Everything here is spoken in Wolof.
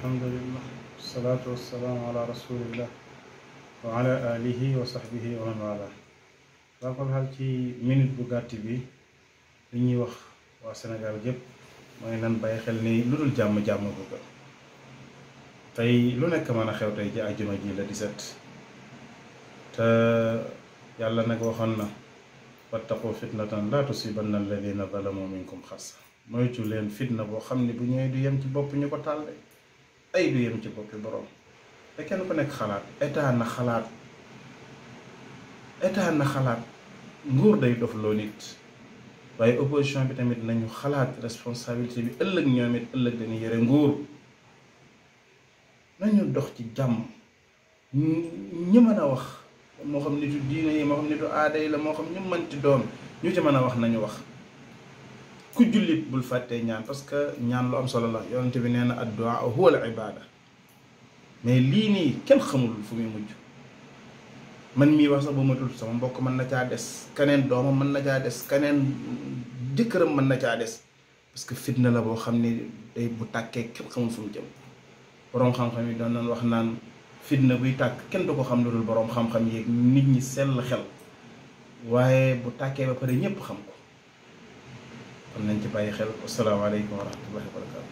alhamdulillah wasalaatu wasalaamu ala rasulillah wa ala alihi wa sahbihi wa man wala waa kon xaal ci minute bu gàtt bi li ñuy wax waa Sénégal yépp mooy nan bàyyi xel ni lu dul jàmm jàmm ko tey lu nekk mën a xew tey ci àjjuma ji la 17 te yàlla nag waxoon na wattaqu fitnatan la tusibanna alladina zalamu minkum xassa moytu leen fitna boo xam ne bu ñëwee du yem ci bopp ñu ko tàlle ay du yem ci boppi boroom te kenn ko nekk xalaat état na xalaat état na xalaat nguur day dof loo nit waaye opposition bi tamit nañu xalaat responsabilité bi ëllëg ñoom it ëllëg dañuy yore nguur nañu dox ci jàmm ñi mën a wax moo xam nitu diine yi moo xam nitu aada yi la moo xam ñu mënti doon ñu ci mën a wax nañu wax ku jullit bul fàttee ñaan parce que ñaan lu am solo la yonent bi nee na addu'a huwa al ibada mais lii nii kenn xamul fu muy mujj man mii wax sax ba ma tudd sama mbokk mën na caa des keneen doomam mën na caa des keneen jëkkëram mën na caa des parce que fitna la boo xam ni bu tàkkee kenn xamul fu yi doon nañ wax naan fitna buy tàkk kenn du ko xam lu dul boroom xam-xam yi nit ñi sell xel waaye bu tàkkee ba pare ñëpp xam ko kon nañ ci bàyyi xel wasalaamaaleykum wa rahmatullahi wa barakatu